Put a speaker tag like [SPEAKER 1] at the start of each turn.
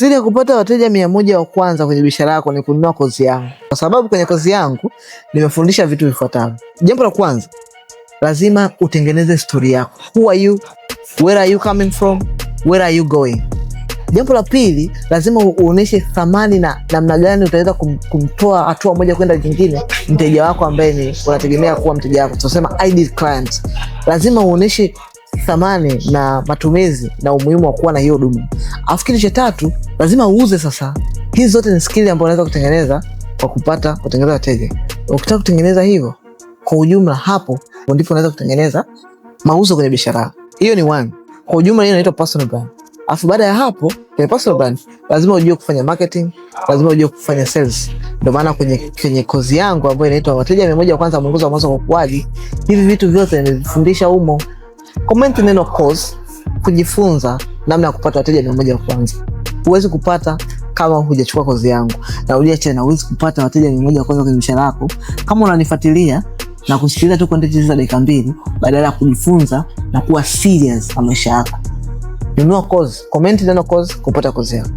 [SPEAKER 1] Siri ya kupata wateja mia moja wa kwanza kwenye biashara yako ni kununua kozi yangu, kwa sababu kwenye kozi yangu nimefundisha vitu vifuatavyo. Jambo la kwanza, lazima utengeneze stori yako. Who are you? Where are you coming from? Where are you going? Jambo la pili, lazima uoneshe thamani na namna gani utaweza kum, kumtoa hatua moja kwenda jingine mteja wako ambaye ni unategemea kuwa mteja wako, tunasema ideal client. Lazima uoneshe thamani na matumizi na umuhimu wa kuwa na hiyo huduma. Alafu kitu cha tatu, lazima uuze. Sasa hizi zote ni skili ambayo unaweza kutengeneza kwa kupata kutengeneza wateja. Ukitaka kutengeneza hivyo kwa ujumla, hapo ndipo unaweza kutengeneza mauzo kwenye biashara. Hiyo ni one kwa ujumla, hiyo inaitwa personal brand. Alafu baada ya hapo kwenye personal brand lazima ujue kufanya marketing, lazima ujue kufanya sales. Ndio maana kwenye, kwenye kozi yangu ambayo inaitwa wateja mia moja kwanza, mwongozo wa mwanzo wa ukuaji, hivi vitu vyote nimevifundisha humo. Komenti neno course kujifunza namna ya kupata wateja mia moja wa kwanza. Huwezi kupata kama hujachukua kozi yangu, na uliache huwezi kupata wateja mia moja wa kwanza kwenye biashara yako kama unanifuatilia na kusikiliza tu content za dakika mbili badala ya kujifunza na kuwa serious na maisha yako. Nunua kozi, komenti neno kozi kupata kozi yako.